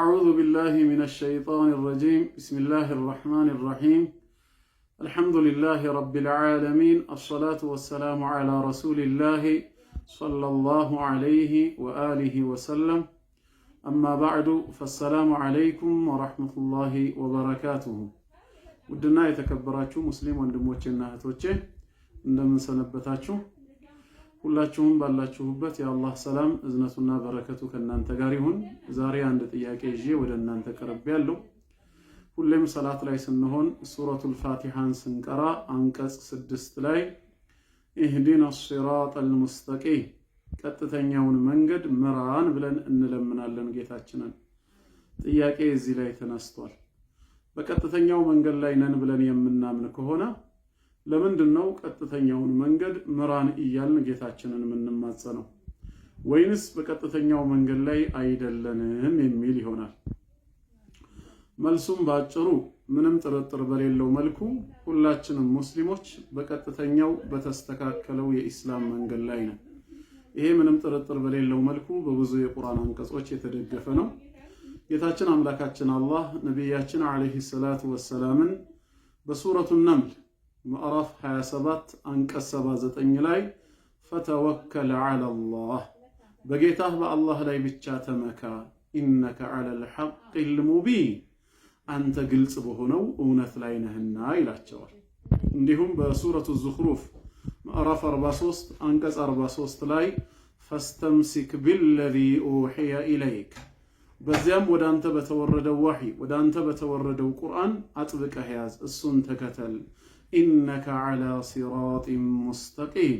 أعوذ بالله من الشيطان الرجيم بسم الله الرحمن الرحيم الحمد لله رب العالمين الصلاة والسلام على رسول الله صلى الله عليه وآله وسلم أما بعد فالسلام عليكم ورحمة الله وبركاته ودنا يتكبراتكم مسلم وندموتشنا هتوتشه እንደምን سنبتاتكم ሁላችሁም ባላችሁበት የአላህ ሰላም እዝነቱና በረከቱ ከእናንተ ጋር ይሁን። ዛሬ አንድ ጥያቄ ይዤ ወደ እናንተ ቀርብ ያለው ሁሌም ሰላት ላይ ስንሆን ሱረቱል ፋቲሃን ስንቀራ አንቀጽ ስድስት ላይ ኢህዲና ሲራጠል ሙስተቂም ቀጥተኛውን መንገድ ምራን ብለን እንለምናለን ጌታችንን። ጥያቄ እዚህ ላይ ተነስቷል። በቀጥተኛው መንገድ ላይ ነን ብለን የምናምን ከሆነ ለምንድን ነው ቀጥተኛውን መንገድ ምራን እያልን ጌታችንን የምንማጸነው? ወይንስ በቀጥተኛው መንገድ ላይ አይደለንም የሚል ይሆናል። መልሱም በአጭሩ ምንም ጥርጥር በሌለው መልኩ ሁላችንም ሙስሊሞች በቀጥተኛው በተስተካከለው የኢስላም መንገድ ላይ ነው። ይሄ ምንም ጥርጥር በሌለው መልኩ በብዙ የቁርአን አንቀጾች የተደገፈ ነው። ጌታችን አምላካችን አላህ ነቢያችን ዓለይሂ ሰላቱ ወሰላምን በሱረቱ ነምል ምዕራፍ 27 አንቀጽ 79 ላይ ፈተወከል ዐለላህ በጌታህ በአላህ ላይ ብቻ ተመካ፣ ኢነከ ዐለል ሐቂል ሙቢን አንተ ግልጽ በሆነው እውነት ላይ ነህና ይላቸዋል። እንዲሁም በሱረቱ ዙኽሩፍ ምዕራፍ 43 አንቀጽ 43 ላይ ፈስተምሲክ ቢለዚ ኡሕየ ኢለይክ በዚያም ወደ አንተ በተወረደው ዋሒ ወደ አንተ በተወረደው ቁርአን አጥብቀህ ያዝ፣ እሱን ተከተል ኢነከ ዓላ ሲራጢን ሙስተቂም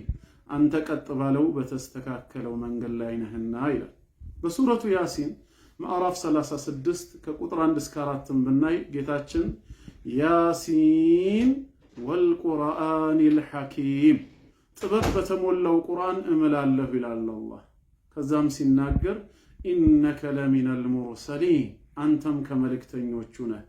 አንተ ቀጥ ባለው በተስተካከለው መንገድ ላይ ነህና ይላል። በሱረቱ ያሲን ማዕራፍ 36 ከቁጥር 1 እስከ 4ም ብናይ ጌታችን ያሲን ወልቁርአኒል ሐኪም ጥበብ በተሞላው ቁርአን እምላለሁ ይላል አላህ። ከዛም ሲናገር ኢነከ ለሚነል ሙርሰሊን አንተም ከመልእክተኞቹ ነህ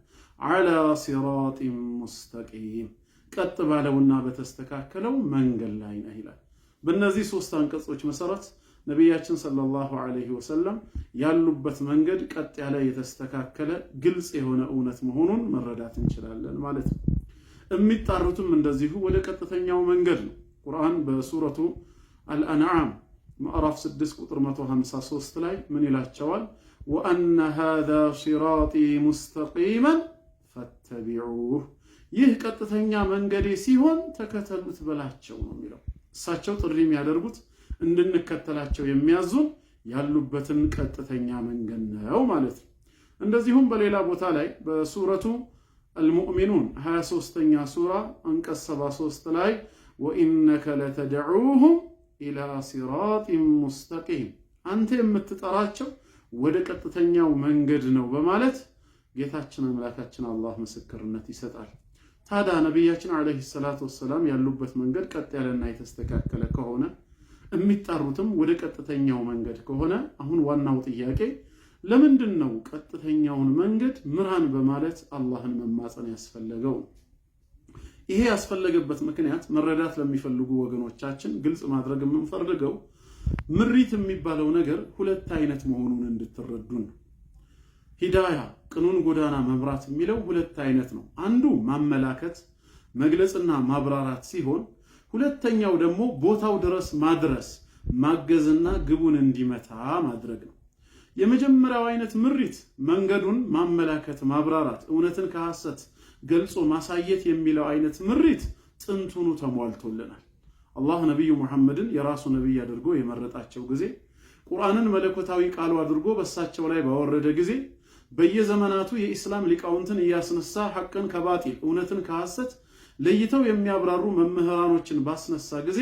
ዓላ ሲራጢን ሙስተቂም ቀጥ ባለውና በተስተካከለው መንገድ ላይ ነህ ይላል። በእነዚህ ሶስት አንቀጾች መሰረት ነቢያችን ሰለላሁ ዐለይሂ ወሰለም ያሉበት መንገድ ቀጥ ያለ የተስተካከለ ግልጽ የሆነ እውነት መሆኑን መረዳት እንችላለን ማለት ነው። የሚጣሩትም እንደዚሁ ወደ ቀጥተኛው መንገድ ነው። ቁርአን በሱረቱ አልአንዓም ማዕራፍ 6 ቁጥር 153 ላይ ምን ይላቸዋል? ወአነ ሃዛ ሲራጢ ሙስተቂመን ፈተቢዑህ ይህ ቀጥተኛ መንገዴ ሲሆን ተከተሉት በላቸው ነው የሚለው። እሳቸው ጥሪ የሚያደርጉት እንድንከተላቸው የሚያዙን ያሉበትን ቀጥተኛ መንገድ ነው ማለት ነው። እንደዚሁም በሌላ ቦታ ላይ በሱረቱ አልሙእሚኑን 23ኛ ሱራ አንቀጽ 73 ላይ ወኢነከ ለተደዑሁም ኢላ ሲራጢን ሙስተቂም አንተ የምትጠራቸው ወደ ቀጥተኛው መንገድ ነው በማለት ጌታችን አምላካችን አላህ ምስክርነት ይሰጣል። ታዲያ ነቢያችን ዓለይሂ ሰላቱ ወሰላም ያሉበት መንገድ ቀጥ ያለና የተስተካከለ ከሆነ የሚጠሩትም ወደ ቀጥተኛው መንገድ ከሆነ አሁን ዋናው ጥያቄ ለምንድን ነው ቀጥተኛውን መንገድ ምራን በማለት አላህን መማፀን ያስፈለገው? ይሄ ያስፈለገበት ምክንያት መረዳት ለሚፈልጉ ወገኖቻችን ግልጽ ማድረግ የምንፈልገው ምሪት የሚባለው ነገር ሁለት አይነት መሆኑን እንድትረዱን ነው። ሂዳያ ቅኑን ጎዳና መምራት የሚለው ሁለት አይነት ነው። አንዱ ማመላከት መግለጽና ማብራራት ሲሆን ሁለተኛው ደግሞ ቦታው ድረስ ማድረስ ማገዝና ግቡን እንዲመታ ማድረግ ነው። የመጀመሪያው አይነት ምሪት መንገዱን ማመላከት ማብራራት፣ እውነትን ከሐሰት ገልጾ ማሳየት የሚለው አይነት ምሪት ጥንቱኑ ተሟልቶልናል። አላህ ነቢዩ መሐመድን የራሱ ነቢይ አድርጎ የመረጣቸው ጊዜ ቁርአንን መለኮታዊ ቃሉ አድርጎ በእሳቸው ላይ ባወረደ ጊዜ በየዘመናቱ የኢስላም ሊቃውንትን እያስነሳ ሐቅን ከባጢል እውነትን ከሐሰት ለይተው የሚያብራሩ መምህራኖችን ባስነሳ ጊዜ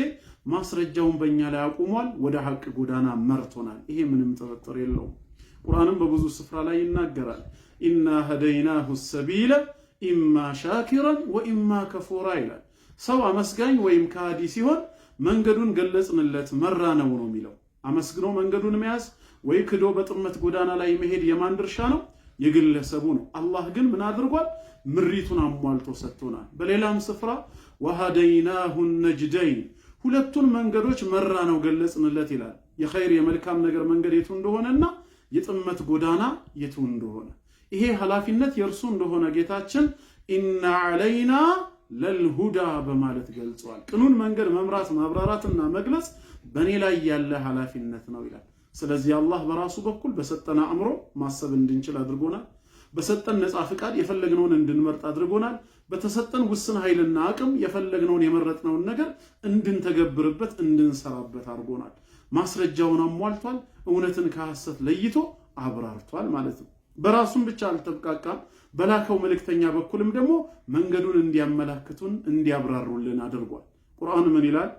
ማስረጃውን በእኛ ላይ አቁሟል፣ ወደ ሐቅ ጎዳና መርቶናል። ይሄ ምንም ጥርጥር የለውም። ቁርአንም በብዙ ስፍራ ላይ ይናገራል። ኢና ሀደይናሁ ሰቢለ ኢማ ሻኪረን ወኢማ ከፎራ ይላል። ሰው አመስጋኝ ወይም ከሃዲ ሲሆን መንገዱን ገለጽንለት መራ ነው ነው የሚለው። አመስግኖ መንገዱን መያዝ ወይ ክዶ በጥመት ጎዳና ላይ መሄድ የማን ድርሻ ነው? የግለሰቡ ነው። አላህ ግን ምን አድርጓል? ምሪቱን አሟልቶ ሰጥቶናል። በሌላም ስፍራ ወሃደይናሁ ነጅደይን ሁለቱን መንገዶች መራ ነው ገለጽንለት ይላል። የኸይር የመልካም ነገር መንገድ የቱ እንደሆነና የጥመት ጎዳና የቱ እንደሆነ ይሄ ኃላፊነት የእርሱ እንደሆነ ጌታችን ኢና ዓለይና ለልሁዳ በማለት ገልጿል። ቅኑን መንገድ መምራት ማብራራትና መግለጽ በእኔ ላይ ያለ ኃላፊነት ነው ይላል። ስለዚህ አላህ በራሱ በኩል በሰጠን አእምሮ ማሰብ እንድንችል አድርጎናል። በሰጠን ነፃ ፍቃድ የፈለግነውን እንድንመርጥ አድርጎናል። በተሰጠን ውስን ኃይልና አቅም የፈለግነውን የመረጥነውን ነገር እንድንተገብርበት እንድንሰራበት አድርጎናል። ማስረጃውን አሟልቷል። እውነትን ከሐሰት ለይቶ አብራርቷል ማለት ነው። በራሱም ብቻ አልተብቃቃም። በላከው መልእክተኛ በኩልም ደግሞ መንገዱን እንዲያመላክቱን እንዲያብራሩልን አድርጓል። ቁርአን ምን ይላል?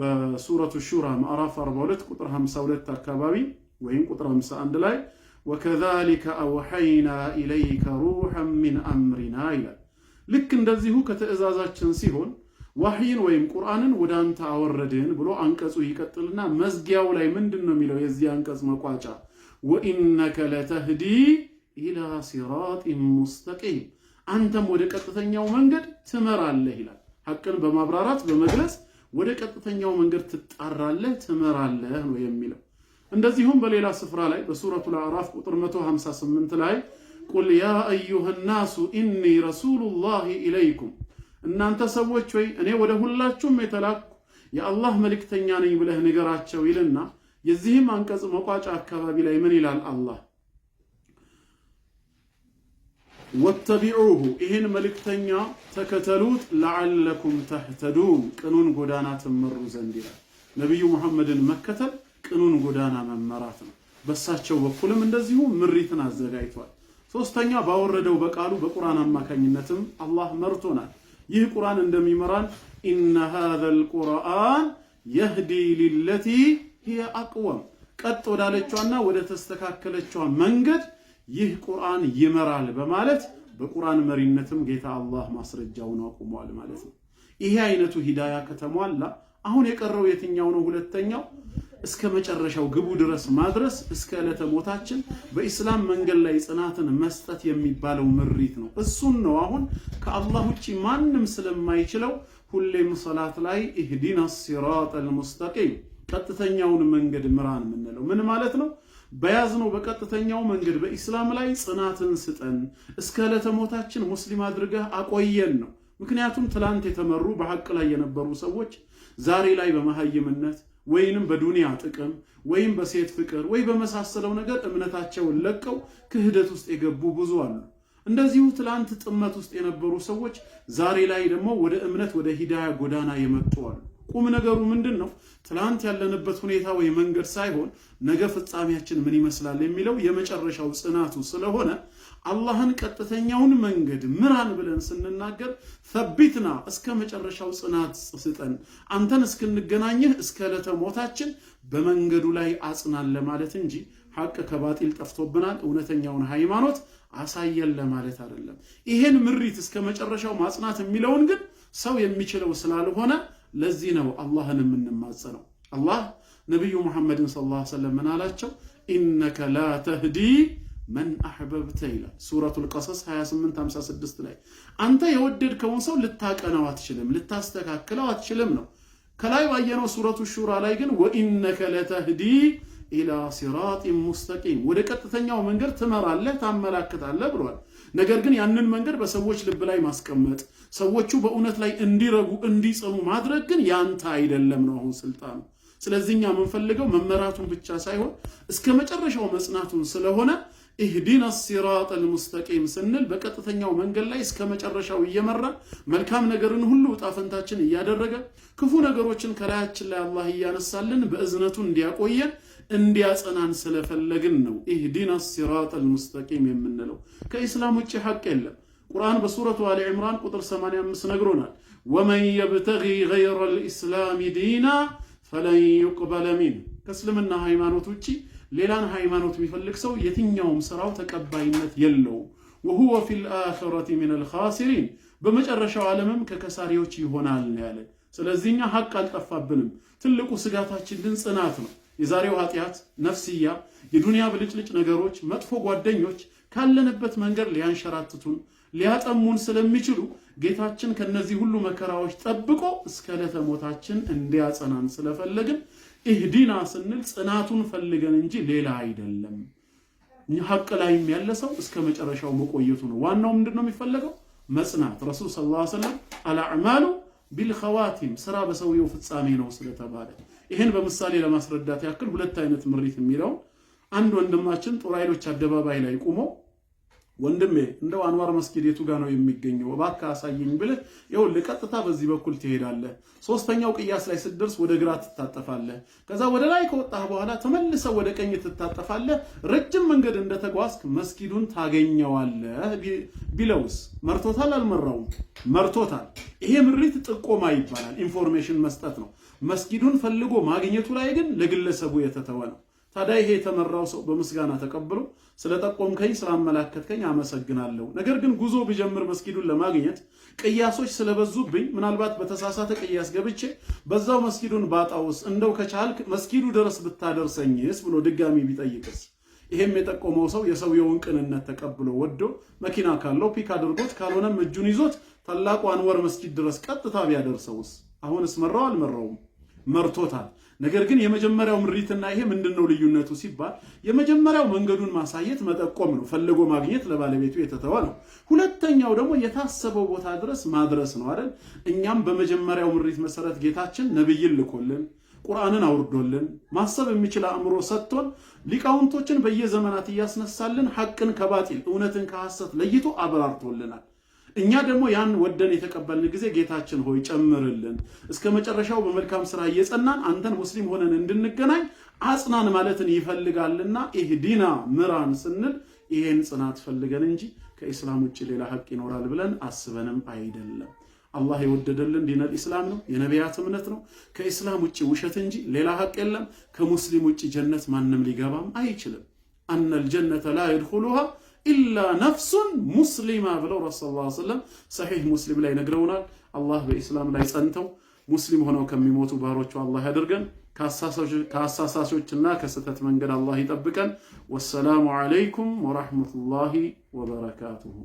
በሱረቱ ሹራ ምዕራፍ 42 ቁጥር 52 አካባቢ ወይም ቁጥር 51 ላይ ወከዛሊከ አውሐይና ኢለይከ ሩሐን ሚን አምሪና ይላል። ልክ እንደዚሁ ከትእዛዛችን ሲሆን ዋህይን ወይም ቁርአንን ወደ አንተ አወረድን ብሎ አንቀጹ ይቀጥልና መዝጊያው ላይ ምንድን ነው የሚለው? የዚህ አንቀጽ መቋጫ ወኢነከ ለተህዲ ኢላ ሲራጢን ሙስተቂም፣ አንተም ወደ ቀጥተኛው መንገድ ትመራለህ ይላል። ሐቅን በማብራራት በመግለጽ ወደ ቀጥተኛው መንገድ ትጣራለህ፣ ትመራለህ ነው የሚለው። እንደዚሁም በሌላ ስፍራ ላይ በሱረቱል አዕራፍ ቁጥር 158 ላይ ቁል ያ አዩሃ ናሱ ኢኒ ረሱሉላሂ ኢለይኩም፣ እናንተ ሰዎች ወይ እኔ ወደ ሁላችሁም የተላኩ የአላህ መልእክተኛ ነኝ ብለህ ንገራቸው ይልና የዚህም አንቀጽ መቋጫ አካባቢ ላይ ምን ይላል አላህ ወተቢዑሁ ይህን መልእክተኛ ተከተሉት፣ ለዓለኩም ተህተዱን ቅኑን ጎዳና ትመሩ ዘንድ ይላል። ነቢዩ ሙሐመድን መከተል ቅኑን ጎዳና መመራት ነው። በሳቸው በኩልም እንደዚሁ ምሪትን አዘጋጅቷል። ሶስተኛ ባወረደው በቃሉ በቁርአን አማካኝነትም አላህ መርቶናል። ይህ ቁርአን እንደሚመራን ኢነ ሃዘል ቁርአን የህዲ ሊለቲ ሂየ አቅወም ቀጥ ወዳለቿና ወደ ተስተካከለቿ መንገድ ይህ ቁርአን ይመራል በማለት በቁርአን መሪነትም ጌታ አላህ ማስረጃውን አቁሟል ማለት ነው። ይሄ አይነቱ ሂዳያ ከተሟላ አሁን የቀረው የትኛው ነው? ሁለተኛው እስከ መጨረሻው ግቡ ድረስ ማድረስ እስከ ዕለተ ሞታችን በኢስላም መንገድ ላይ ጽናትን መስጠት የሚባለው ምሪት ነው። እሱን ነው አሁን ከአላህ ውጪ ማንም ስለማይችለው ሁሌም ሰላት ላይ ኢህዲና ሲራጠል ሙስተቂም ቀጥተኛውን መንገድ ምራን የምንለው ምን ማለት ነው? በያዝነው በቀጥተኛው መንገድ በኢስላም ላይ ጽናትን ስጠን፣ እስከ ዕለተ ሞታችን ሙስሊም አድርገህ አቆየን ነው። ምክንያቱም ትላንት የተመሩ በሐቅ ላይ የነበሩ ሰዎች ዛሬ ላይ በመሐይምነት ወይንም በዱንያ ጥቅም ወይም በሴት ፍቅር ወይ በመሳሰለው ነገር እምነታቸውን ለቀው ክህደት ውስጥ የገቡ ብዙ አሉ። እንደዚሁ ትላንት ጥመት ውስጥ የነበሩ ሰዎች ዛሬ ላይ ደግሞ ወደ እምነት ወደ ሂዳያ ጎዳና የመጡ አሉ። ቁም ነገሩ ምንድን ነው? ትላንት ያለንበት ሁኔታ ወይ መንገድ ሳይሆን ነገ ፍጻሜያችን ምን ይመስላል የሚለው የመጨረሻው ጽናቱ ስለሆነ አላህን ቀጥተኛውን መንገድ ምራን ብለን ስንናገር ሰቢትና እስከ መጨረሻው ጽናት ስጠን፣ አንተን እስክንገናኝህ እስከ ዕለተ ሞታችን በመንገዱ ላይ አጽናን ለማለት እንጂ ሐቅ ከባጢል ጠፍቶብናል፣ እውነተኛውን ሃይማኖት አሳየን ለማለት አይደለም። ይሄን ምሪት እስከ መጨረሻው ማጽናት የሚለውን ግን ሰው የሚችለው ስላልሆነ ለዚህ ነው አላህን የምንማጸነው። አላህ ነቢዩ ሙሐመድን ሰለላሁ ዐለይሂ ወሰለም ምን አላቸው? ኢነከ ላ ተህዲ መን አሕበብተ ይላል ሱረቱል ቀሰስ 2856 ላይ አንተ የወደድከውን ሰው ልታቀነው አትችልም፣ ልታስተካክለው አትችልም ነው። ከላይ ባየነው ሱረቱ ሹራ ላይ ግን ወኢነከ ለተህዲ ኢላ ሲራጢን ሙስተቂም ወደ ቀጥተኛው መንገድ ትመራለህ፣ ታመላክታለህ ብሏል። ነገር ግን ያንን መንገድ በሰዎች ልብ ላይ ማስቀመጥ፣ ሰዎቹ በእውነት ላይ እንዲረጉ እንዲጸኑ ማድረግ ግን ያንተ አይደለም ነው አሁን ስልጣኑ። ስለዚህ እኛ የምንፈልገው መመራቱን ብቻ ሳይሆን እስከ መጨረሻው መጽናቱን ስለሆነ ኢህዲን ሲራጥ ልሙስተቂም ስንል በቀጥተኛው መንገድ ላይ እስከ መጨረሻው እየመራ መልካም ነገርን ሁሉ እጣፈንታችን እያደረገ ክፉ ነገሮችን ከላያችን ላይ አላህ እያነሳልን በእዝነቱ እንዲያቆየን እንዲያጸናን ስለፈለግን ነው ኢህዲና ሲራጥ አልሙስተቂም የምንለው። ከኢስላም ውጭ ሐቅ የለም። ቁርአን በሱረቱ አሊ ዕምራን ቁጥር 85 ነግሮናል። ወመን የብተጊ ገይረ ልእስላሚ ዲና ፈለን ዩቅበለ ሚን ከእስልምና ሃይማኖት ውጪ ሌላን ሃይማኖት የሚፈልግ ሰው የትኛውም ስራው ተቀባይነት የለውም። ወሁወ ፊል አኺረቲ ሚነል ኻሲሪን በመጨረሻው ዓለምም ከከሳሪዎች ይሆናል ያለ። ስለዚህ ሐቅ አልጠፋብንም። ትልቁ ስጋታችን ግን ጽናት ነው። የዛሬው ኃጢአት፣ ነፍስያ፣ የዱንያ ብልጭልጭ ነገሮች፣ መጥፎ ጓደኞች ካለንበት መንገድ ሊያንሸራትቱን ሊያጠሙን ስለሚችሉ ጌታችን ከነዚህ ሁሉ መከራዎች ጠብቆ እስከ ዕለተ ሞታችን እንዲያጸናን ስለፈለግን ኢህዲና ስንል ጽናቱን ፈልገን እንጂ ሌላ አይደለም። ሀቅ ላይም ያለ ሰው እስከ መጨረሻው መቆየቱ ነው። ዋናው ምንድን ነው የሚፈለገው? መጽናት። ረሱል ሰለላሁ ዐለይሂ ወሰለም አልአዕማሉ ቢልኸዋቲም ስራ በሰውየው ፍጻሜ ነው ስለተባለ ይህን በምሳሌ ለማስረዳት ያክል ሁለት አይነት ምሪት የሚለው አንድ ወንድማችን ጦር ኃይሎች አደባባይ ላይ ቁሞ ወንድሜ እንደው አንዋር መስጊድ የቱ ጋ ነው የሚገኘው? እባክህ አሳየኝ ብልህ ይኸውልህ ቀጥታ በዚህ በኩል ትሄዳለህ። ሶስተኛው ቅያስ ላይ ስትደርስ ወደ ግራ ትታጠፋለህ። ከዛ ወደ ላይ ከወጣህ በኋላ ተመልሰህ ወደ ቀኝ ትታጠፋለህ። ረጅም መንገድ እንደተጓዝክ መስጊዱን ታገኘዋለህ ቢለውስ መርቶታል? አልመራውም? መርቶታል። ይሄ ምሪት ጥቆማ ይባላል። ኢንፎርሜሽን መስጠት ነው። መስጊዱን ፈልጎ ማግኘቱ ላይ ግን ለግለሰቡ የተተወ ነው። ታዲያ ይሄ የተመራው ሰው በምስጋና ተቀብሎ ስለጠቆምከኝ ስላመላከትከኝ አመሰግናለሁ፣ ነገር ግን ጉዞ ብጀምር መስጊዱን ለማግኘት ቅያሶች ስለበዙብኝ ምናልባት በተሳሳተ ቅያስ ገብቼ በዛው መስጊዱን ባጣውስ፣ እንደው ከቻልክ መስጊዱ ድረስ ብታደርሰኝስ ብሎ ድጋሚ ቢጠይቅስ? ይሄም የጠቆመው ሰው የሰውየውን ቅንነት ተቀብሎ ወዶ መኪና ካለው ፒክ አድርጎት ካልሆነም እጁን ይዞት ታላቁ አንወር መስጊድ ድረስ ቀጥታ ቢያደርሰውስ? አሁንስ መራው አልመራውም? መርቶታል። ነገር ግን የመጀመሪያው ምሪትና ይሄ ምንድን ነው ልዩነቱ ሲባል የመጀመሪያው መንገዱን ማሳየት መጠቆም ነው፣ ፈልጎ ማግኘት ለባለቤቱ የተተወ ነው። ሁለተኛው ደግሞ የታሰበው ቦታ ድረስ ማድረስ ነው አይደል? እኛም በመጀመሪያው ምሪት መሰረት ጌታችን ነብይን ልኮልን ቁርአንን አውርዶልን ማሰብ የሚችል አእምሮ ሰጥቶን ሊቃውንቶችን በየዘመናት እያስነሳልን ሐቅን ከባጢል እውነትን ከሐሰት ለይቶ አብራርቶልናል። እኛ ደግሞ ያን ወደን የተቀበልን ጊዜ ጌታችን ሆይ ጨምርልን፣ እስከ መጨረሻው በመልካም ስራ እየጸናን አንተን ሙስሊም ሆነን እንድንገናኝ አጽናን ማለትን ይፈልጋልና ኢህዲና ምራን ስንል ይሄን ጽናት ፈልገን እንጂ ከኢስላም ውጭ ሌላ ሀቅ ይኖራል ብለን አስበንም አይደለም። አላህ የወደደልን ዲነል ኢስላም ነው፣ የነቢያት እምነት ነው። ከኢስላም ውጭ ውሸት እንጂ ሌላ ሀቅ የለም። ከሙስሊም ውጭ ጀነት ማንም ሊገባም አይችልም። አነል ጀነተ ላ የድኹሉሃ ኢላ ነፍሱን ሙስሊማ ብለው ረሱል ላ ስለም ሰሒህ ሙስሊም ላይ ነግረውናል። አላህ በኢስላም ላይ ጸንተው ሙስሊም ሆነው ከሚሞቱ ባሮቹ አላህ ያደርገን፣ ከአሳሳሾችና ከስህተት መንገድ አላህ ይጠብቀን። ወሰላሙ ዓለይኩም ወራህመቱላሂ ወበረካቱሁ።